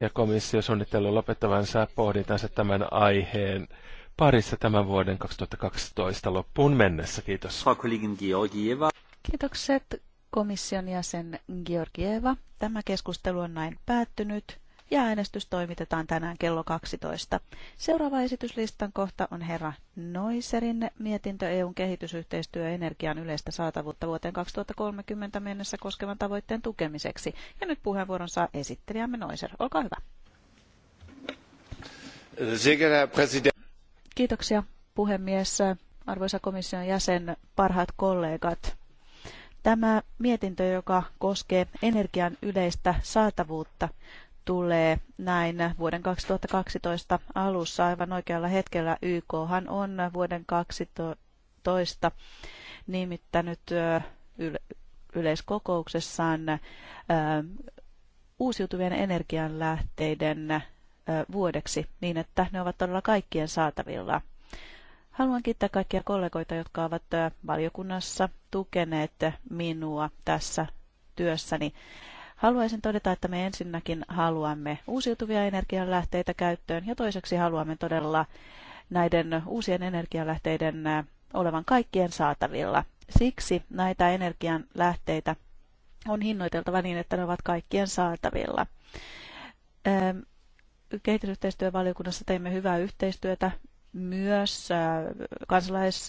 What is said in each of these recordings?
ja komissio suunnittelee lopettavansa pohdintansa tämän aiheen parissa tämän vuoden 2012 loppuun mennessä. Kiitos. Kiitokset komission jäsen Georgieva. Tämä keskustelu on näin päättynyt ja äänestys toimitetaan tänään kello 12. Seuraava esityslistan kohta on herra Noiserin mietintö EUn kehitysyhteistyö energian yleistä saatavuutta vuoteen 2030 mennessä koskevan tavoitteen tukemiseksi. Ja nyt puheenvuoron saa esittelijämme Noiser. Olkaa hyvä. Kiitoksia puhemies, arvoisa komission jäsen, parhaat kollegat. Tämä mietintö, joka koskee energian yleistä saatavuutta, tulee näin vuoden 2012 alussa aivan oikealla hetkellä. YK on vuoden 2012 nimittänyt yleiskokouksessaan uusiutuvien energianlähteiden vuodeksi niin, että ne ovat todella kaikkien saatavilla. Haluan kiittää kaikkia kollegoita, jotka ovat valiokunnassa tukeneet minua tässä työssäni. Haluaisin todeta, että me ensinnäkin haluamme uusiutuvia energianlähteitä käyttöön ja toiseksi haluamme todella näiden uusien energialähteiden olevan kaikkien saatavilla. Siksi näitä energianlähteitä on hinnoiteltava niin, että ne ovat kaikkien saatavilla. Kehitysyhteistyövaliokunnassa teimme hyvää yhteistyötä myös kansalais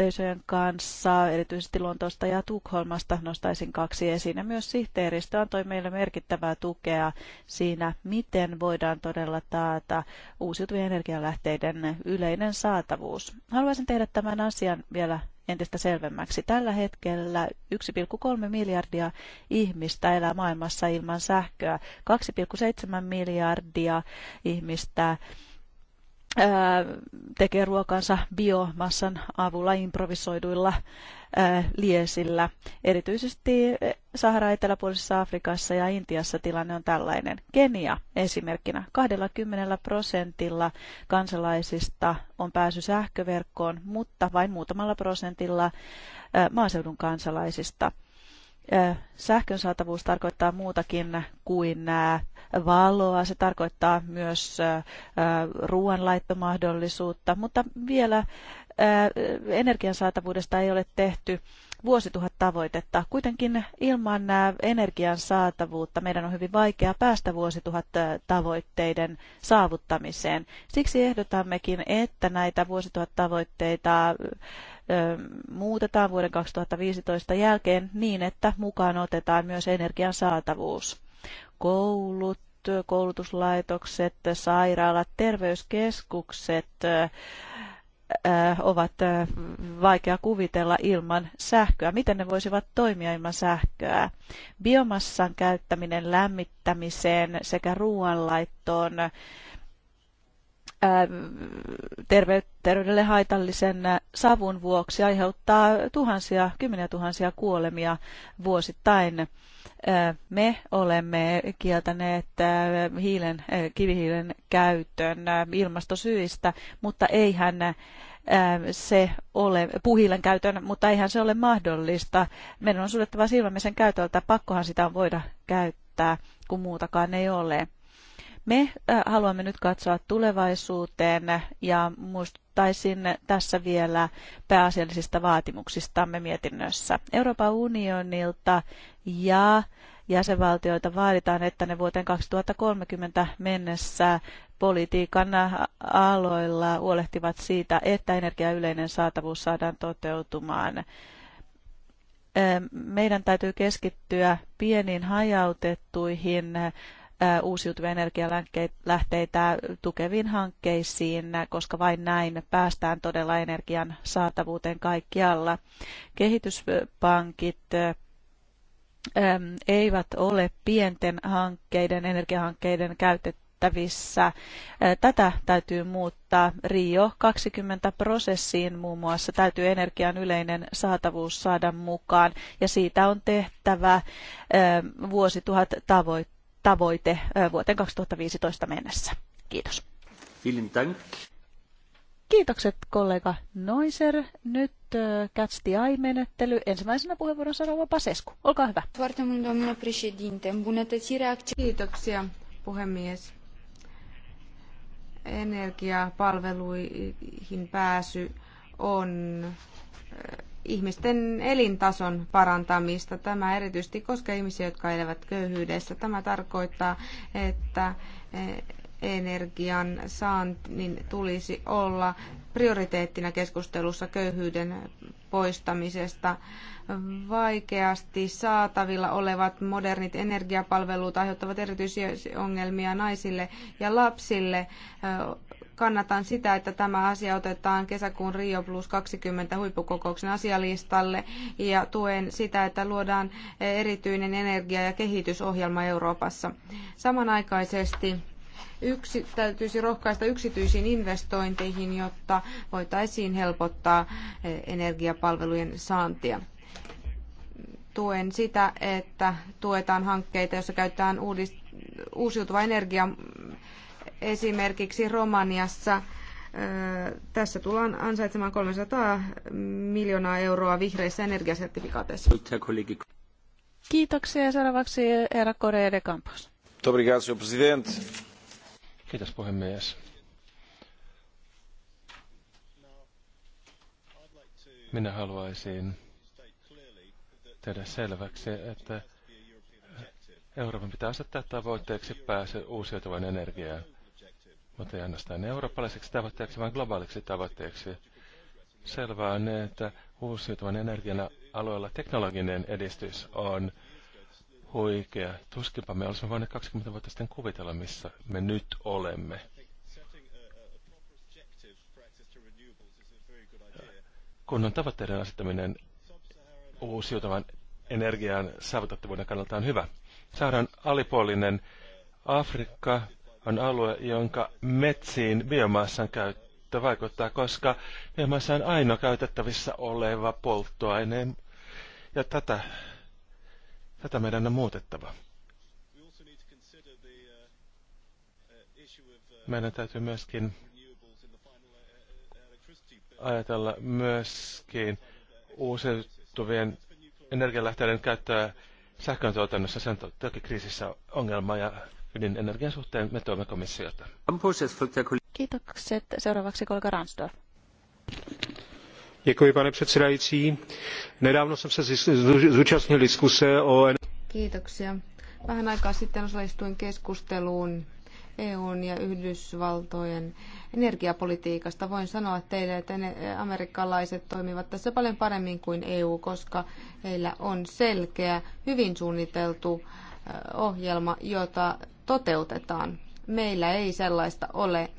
yhteisöjen kanssa, erityisesti Lontoosta ja Tukholmasta nostaisin kaksi esiin. Ja myös sihteeristö antoi meille merkittävää tukea siinä, miten voidaan todella taata uusiutuvien energialähteiden yleinen saatavuus. Haluaisin tehdä tämän asian vielä entistä selvemmäksi. Tällä hetkellä 1,3 miljardia ihmistä elää maailmassa ilman sähköä. 2,7 miljardia ihmistä tekee ruokansa biomassan avulla improvisoiduilla liesillä. Erityisesti Sahara eteläpuolisessa Afrikassa ja Intiassa tilanne on tällainen. Kenia esimerkkinä 20 prosentilla kansalaisista on pääsy sähköverkkoon, mutta vain muutamalla prosentilla maaseudun kansalaisista. Sähkön saatavuus tarkoittaa muutakin kuin valoa, se tarkoittaa myös ruoanlaittomahdollisuutta, mutta vielä energian saatavuudesta ei ole tehty vuosituhat tavoitetta. Kuitenkin ilman energian saatavuutta meidän on hyvin vaikea päästä vuosituhat tavoitteiden saavuttamiseen. Siksi ehdotammekin, että näitä vuosituhat tavoitteita muutetaan vuoden 2015 jälkeen niin, että mukaan otetaan myös energian saatavuus. Koulut, koulutuslaitokset, sairaalat, terveyskeskukset ovat vaikea kuvitella ilman sähköä. Miten ne voisivat toimia ilman sähköä? Biomassan käyttäminen lämmittämiseen sekä ruoanlaittoon terveydelle haitallisen savun vuoksi aiheuttaa tuhansia, kymmeniä tuhansia kuolemia vuosittain. Me olemme kieltäneet hiilen, kivihiilen käytön ilmastosyistä, mutta eihän se ole, puhiilen käytön, mutta eihän se ole mahdollista. Meidän on suljettava silmämme sen käytöltä, pakkohan sitä on voida käyttää, kun muutakaan ei ole. Me haluamme nyt katsoa tulevaisuuteen ja muistuttaisin tässä vielä pääasiallisista vaatimuksistamme mietinnössä. Euroopan unionilta ja jäsenvaltioita vaaditaan, että ne vuoteen 2030 mennessä politiikan aloilla huolehtivat siitä, että energian yleinen saatavuus saadaan toteutumaan. Meidän täytyy keskittyä pieniin hajautettuihin uusiutuvia energialähteitä tukeviin hankkeisiin, koska vain näin päästään todella energian saatavuuteen kaikkialla. Kehityspankit eivät ole pienten hankkeiden, energiahankkeiden käytettävissä. Tätä täytyy muuttaa. Rio 20 prosessiin muun muassa täytyy energian yleinen saatavuus saada mukaan ja siitä on tehtävä vuosituhat tavoitteet tavoite vuoteen 2015 mennessä. Kiitos. Kiitokset kollega Noiser. Nyt Catch the Eye-menettely. Ensimmäisenä puheenvuoron sanoo Pasesku. Olkaa hyvä. Kiitoksia puhemies. Energiapalveluihin pääsy on ihmisten elintason parantamista. Tämä erityisesti koskee ihmisiä, jotka elävät köyhyydessä. Tämä tarkoittaa, että e, energian saannin tulisi olla prioriteettina keskustelussa köyhyyden poistamisesta. Vaikeasti saatavilla olevat modernit energiapalvelut aiheuttavat erityisiä ongelmia naisille ja lapsille kannatan sitä, että tämä asia otetaan kesäkuun Rio plus 20 huippukokouksen asialistalle ja tuen sitä, että luodaan erityinen energia- ja kehitysohjelma Euroopassa. Samanaikaisesti yksi, täytyisi rohkaista yksityisiin investointeihin, jotta voitaisiin helpottaa energiapalvelujen saantia tuen sitä, että tuetaan hankkeita, joissa käytetään uudist- uusiutuvaa energiaa esimerkiksi Romaniassa tässä tullaan ansaitsemaan 300 miljoonaa euroa vihreissä energiasertifikaateissa. Kiitoksia. Seuraavaksi herra Korea de Campos. Kiitos puhemies. Minä haluaisin tehdä selväksi, että Euroopan pitää asettaa tavoitteeksi pääse uusiutuvan energiaan mutta ei ainoastaan eurooppalaiseksi tavoitteeksi, vaan globaaliksi tavoitteeksi. Selvää on, että uusiutuvan energian aloilla teknologinen edistys on huikea. Tuskinpa me olisimme voineet 20 vuotta sitten kuvitella, missä me nyt olemme. Kunnon tavoitteiden asettaminen uusiutuvan energian saavutettavuuden kannalta on hyvä. Saadaan alipuolinen Afrikka, on alue, jonka metsiin biomassan käyttö vaikuttaa, koska biomassa on ainoa käytettävissä oleva polttoaine. Ja tätä, tätä meidän on muutettava. Meidän täytyy myöskin ajatella myöskin uusiutuvien energialähteiden käyttöä sähköntuotannossa. Se on toki kriisissä ongelma ja ydinenergian suhteen me toimme komissiota. Kiitokset. Seuraavaksi kollega Ransdorf. Děkuji, pane předsedající. Nedávno jsem se zúčastnil diskuse o... Kiitoksia. Vähän aikaa sitten osallistuin keskusteluun EUn ja Yhdysvaltojen energiapolitiikasta. Voin sanoa teille, että amerikkalaiset toimivat tässä paljon paremmin kuin EU, koska heillä on selkeä, hyvin suunniteltu ohjelma, jota toteutetaan. Meillä ei sellaista ole.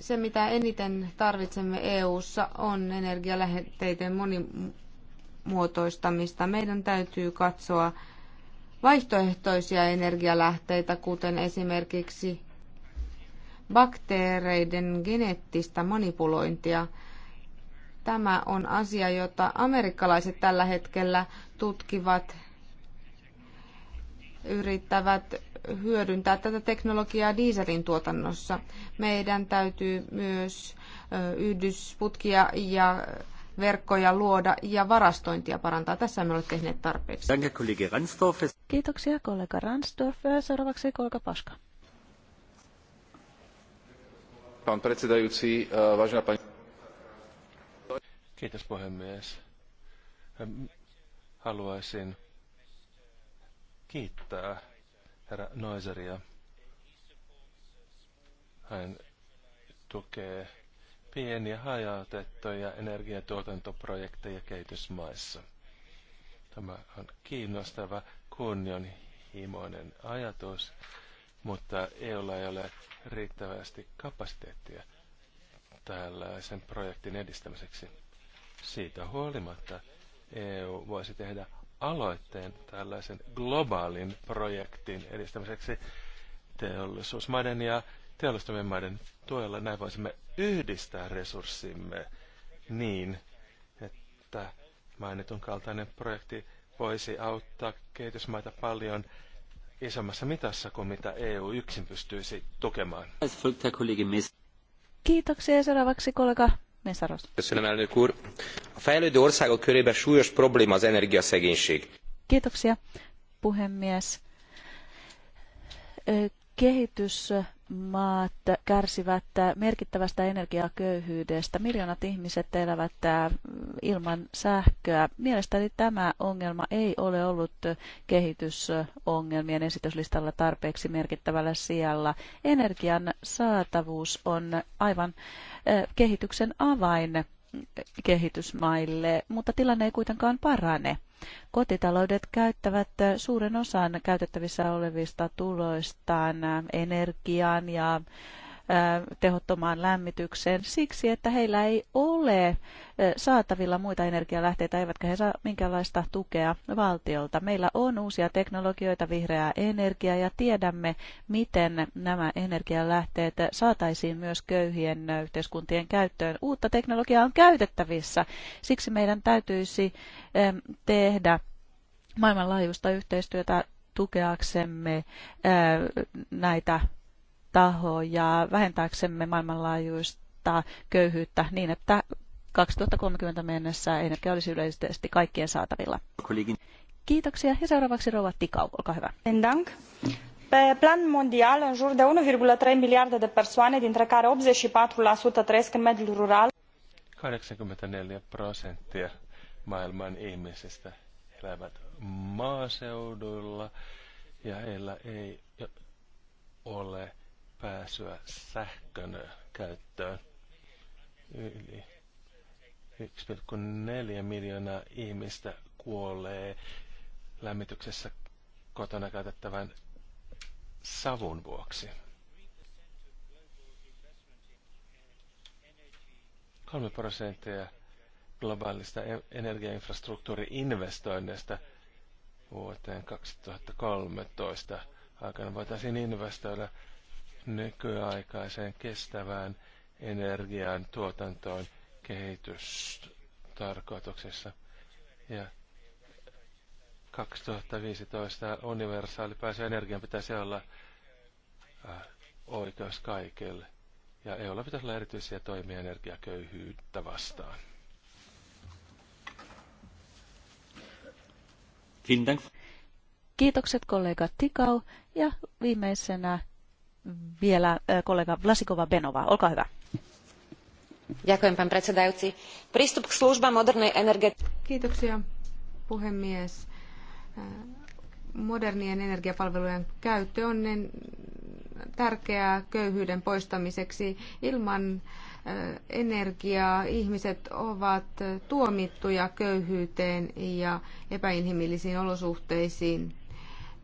Se, mitä eniten tarvitsemme EU:ssa, on energialähteiden monimuotoistamista. Meidän täytyy katsoa vaihtoehtoisia energialähteitä, kuten esimerkiksi bakteereiden geneettistä manipulointia. Tämä on asia, jota amerikkalaiset tällä hetkellä tutkivat, yrittävät hyödyntää tätä teknologiaa dieselin tuotannossa. Meidän täytyy myös yhdysputkia ja verkkoja luoda ja varastointia parantaa. Tässä me olemme tehneet tarpeeksi. Kiitoksia kollega Ransdorf. Seuraavaksi kollega Paska. Pan e, Kiitos puhemies. Haluaisin kiittää herra Noiseria. Hän tukee pieniä hajautettuja energiatuotantoprojekteja kehitysmaissa. Tämä on kiinnostava, kunnianhimoinen ajatus, mutta EUlla ei ole riittävästi kapasiteettia tällaisen projektin edistämiseksi. Siitä huolimatta EU voisi tehdä aloitteen tällaisen globaalin projektin edistämiseksi teollisuusmaiden ja teollistumien maiden tuella. Näin voisimme yhdistää resurssimme niin, että mainitun kaltainen projekti voisi auttaa kehitysmaita paljon isommassa mitassa kuin mitä EU yksin pystyisi tukemaan. Kiitoksia seuraavaksi kollega Mészáros. Köszönöm, elnök úr. A fejlődő országok körében súlyos probléma az energiaszegénység. Kiitoksia, puhemies. Kehitys maat kärsivät merkittävästä energiaköyhyydestä. Miljoonat ihmiset elävät ilman sähköä. Mielestäni tämä ongelma ei ole ollut kehitysongelmien esityslistalla tarpeeksi merkittävällä sijalla. Energian saatavuus on aivan kehityksen avain kehitysmaille, mutta tilanne ei kuitenkaan parane. Kotitaloudet käyttävät suuren osan käytettävissä olevista tuloistaan energiaan ja tehottomaan lämmitykseen siksi, että heillä ei ole saatavilla muita energialähteitä, eivätkä he saa minkäänlaista tukea valtiolta. Meillä on uusia teknologioita, vihreää energiaa ja tiedämme, miten nämä energialähteet saataisiin myös köyhien yhteiskuntien käyttöön. Uutta teknologiaa on käytettävissä, siksi meidän täytyisi tehdä maailmanlaajuista yhteistyötä tukeaksemme näitä tahoja vähentääksemme maailmanlaajuista köyhyyttä niin, että 2030 mennessä energia olisi yleisesti kaikkien saatavilla. Kiitoksia ja seuraavaksi Rova Tikau, olkaa hyvä. Dank. Pe plan mondial, în jur de 1,3 miliarde de persoane, dintre care 84% trăiesc în mediul rural. 84 prosenttia maailman ihmisistä elävät maaseudulla ja heillä ei ole pääsyä sähkön käyttöön. Yli 1,4 miljoonaa ihmistä kuolee lämmityksessä kotona käytettävän savun vuoksi. 3 prosenttia globaalista e- energiainfrastruktuuri-investoinneista vuoteen 2013 aikana voitaisiin investoida nykyaikaiseen kestävään energian tuotantoon kehitystarkoituksessa. Ja 2015 universaali pääsy energian pitäisi olla äh, oikeus kaikille. Ja EUlla pitäisi olla erityisiä toimia energiaköyhyyttä vastaan. Kiitokset kollega Tikau ja viimeisenä vielä kollega Vlasikova Benova. Olkaa hyvä. Ďakujem, pán predsedajúci. Prístup k službám modernej Kiitoksia, puhemies. Modernien energiapalvelujen käyttö on niin tärkeää köyhyyden poistamiseksi. Ilman energiaa ihmiset ovat tuomittuja köyhyyteen ja epäinhimillisiin olosuhteisiin.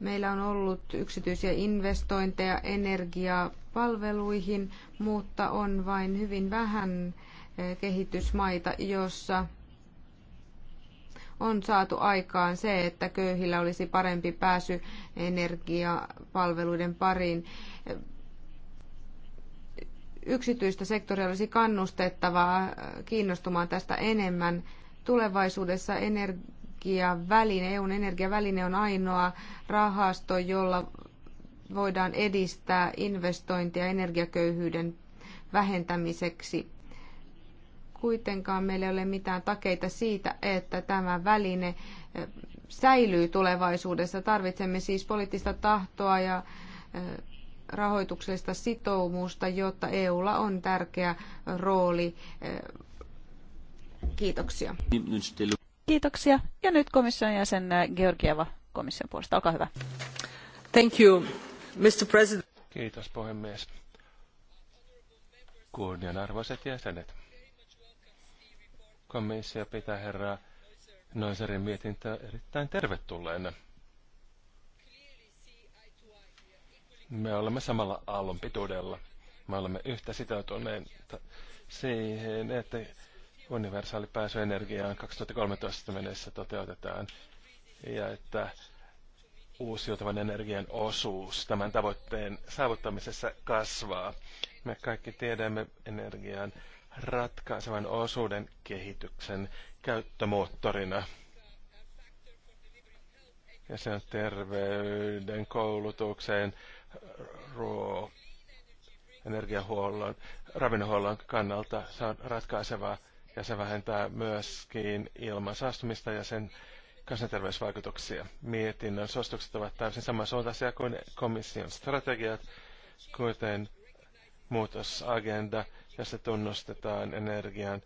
Meillä on ollut yksityisiä investointeja energiapalveluihin, mutta on vain hyvin vähän eh, kehitysmaita, jossa on saatu aikaan se, että köyhillä olisi parempi pääsy energiapalveluiden pariin. Yksityistä sektoria olisi kannustettavaa eh, kiinnostumaan tästä enemmän. Tulevaisuudessa energia energiaväline, EUn energiaväline on ainoa rahasto, jolla voidaan edistää investointia energiaköyhyyden vähentämiseksi. Kuitenkaan meillä ei ole mitään takeita siitä, että tämä väline eh, säilyy tulevaisuudessa. Tarvitsemme siis poliittista tahtoa ja eh, rahoituksellista sitoumusta, jotta EUlla on tärkeä rooli. Eh. Kiitoksia. Kiitoksia. Ja nyt komission jäsen äh, Georgieva komission puolesta. Olkaa hyvä. Thank you, Mr. President. Kiitos puhemies. Kunnianarvoiset jäsenet. Komissio pitää herra Noiserin mietintöä erittäin tervetulleena. Me olemme samalla aallonpituudella. Me olemme yhtä sitoutuneita siihen, että universaali pääsy energiaan 2013 mennessä toteutetaan ja että uusiutuvan energian osuus tämän tavoitteen saavuttamisessa kasvaa. Me kaikki tiedämme energian ratkaisevan osuuden kehityksen käyttömoottorina. Ja se on terveyden, koulutukseen, ruo, energiahuollon, ravinnonhuollon kannalta. Se on ratkaisevaa ja se vähentää myöskin ilman saastumista ja sen kansanterveysvaikutuksia. Mietinnön suositukset ovat täysin samansuuntaisia kuin komission strategiat, kuten muutosagenda, jossa tunnustetaan energian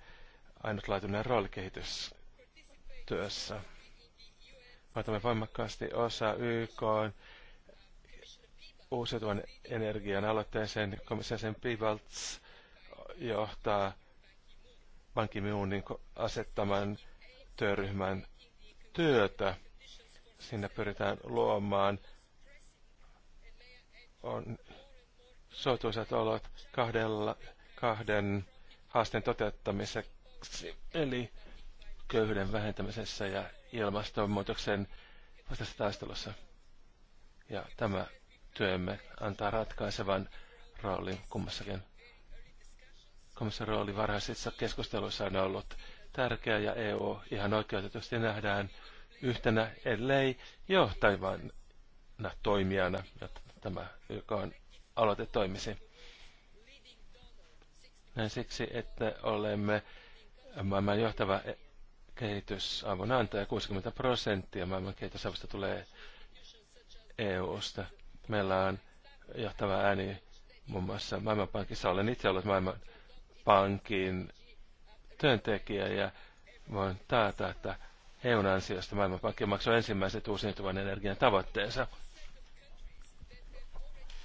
ainutlaatuinen rooli kehitystyössä. Otamme voimakkaasti osa YK uusiutuvan energian aloitteeseen. Komissaari Pivalts johtaa Bankimiunin asettaman työryhmän työtä. Siinä pyritään luomaan on suotuisat olot kahdella, kahden haasteen toteuttamiseksi, eli köyhyyden vähentämisessä ja ilmastonmuutoksen vastaisessa taistelussa. Ja tämä työmme antaa ratkaisevan roolin kummassakin komission rooli varhaisissa keskusteluissa on ollut tärkeä ja EU ihan oikeutetusti nähdään yhtenä, ellei johtavana toimijana, jotta tämä YK on aloite toimisi. Näin siksi, että olemme maailman johtava kehitysavun antaja. 60 prosenttia maailman kehitysavusta tulee EU-sta. Meillä on johtava ääni muun muassa Maailmanpankissa. Olen itse ollut maailman pankin työntekijä ja voin taata, että EUn ansiosta Maailmanpankki maksoi ensimmäiset uusiutuvan energian tavoitteensa.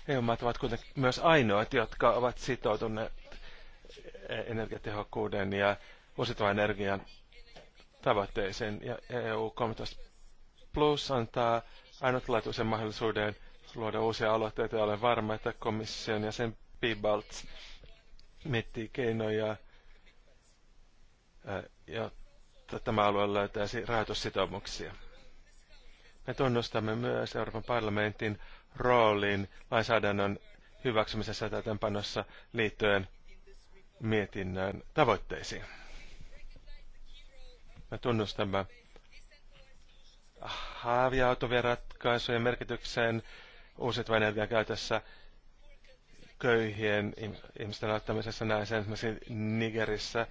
EU-maat ovat kuitenkin myös ainoat, jotka ovat sitoutuneet energiatehokkuuden ja uusiutuvan energian tavoitteeseen. Ja EU 13 Plus antaa ainutlaatuisen mahdollisuuden luoda uusia aloitteita ja olen varma, että komission ja sen Pibalts miettii keinoja, jotta tämä alue löytäisi rahoitussitoumuksia. Me tunnustamme myös Euroopan parlamentin roolin lainsäädännön hyväksymisessä ja täytäntöpanossa liittyen mietinnön tavoitteisiin. Me tunnustamme haavia ratkaisujen merkitykseen uusiutuvan energian käytössä köyhien ihmisten auttamisessa näin sen esimerkiksi Nigerissä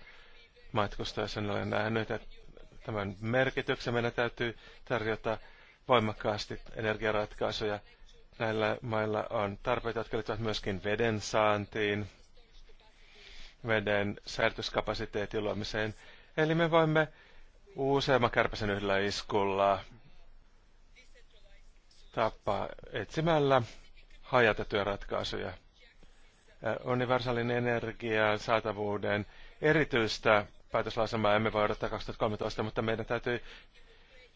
matkustaessa olen nähnyt että tämän merkityksen. Meidän täytyy tarjota voimakkaasti energiaratkaisuja. Näillä mailla on tarpeita, jotka liittyvät myöskin veden saantiin, veden säilytyskapasiteetin luomiseen. Eli me voimme useamman kärpäsen yhdellä iskulla tappaa etsimällä hajatettuja ratkaisuja universaalin äh, energian saatavuuden erityistä päätöslausemaa emme voi odottaa 2013, mutta meidän täytyy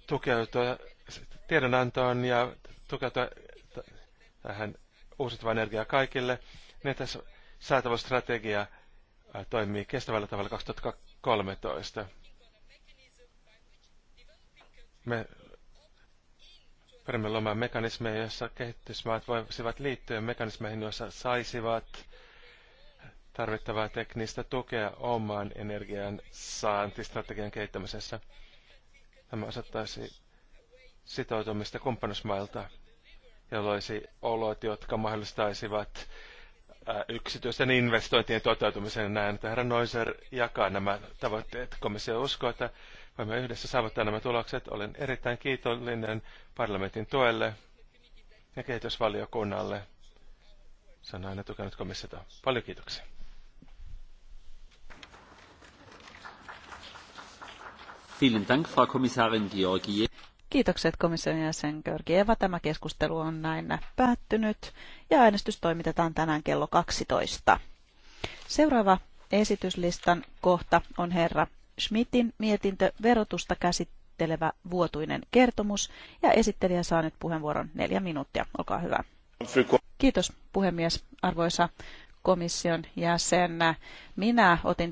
tukeutua tiedonantoon ja tukeutua tähän uusiutuvaan energiaa kaikille. Niin tässä saatavuusstrategia äh, toimii kestävällä tavalla 2013. Me perimme luomaan mekanismeja, joissa kehitysmaat voisivat liittyä mekanismeihin, joissa saisivat tarvittavaa teknistä tukea oman energian saantistrategian kehittämisessä. Tämä osoittaisi sitoutumista kumppanusmailta ja loisi olot, jotka mahdollistaisivat yksityisten investointien toteutumisen. Näen, että herra Noiser jakaa nämä tavoitteet. Komissio uskoo, että voimme yhdessä saavuttaa nämä tulokset. Olen erittäin kiitollinen parlamentin tuelle ja kehitysvaliokunnalle. Se on aina tukenut komissiota. Paljon kiitoksia. Kiitokset komission jäsen Georgieva. Tämä keskustelu on näin päättynyt ja äänestys toimitetaan tänään kello 12. Seuraava esityslistan kohta on herra Schmidtin mietintö verotusta käsittelevä vuotuinen kertomus ja esittelijä saa nyt puheenvuoron neljä minuuttia. Olkaa hyvä. Kiitos puhemies, arvoisa komission jäsen. Minä otin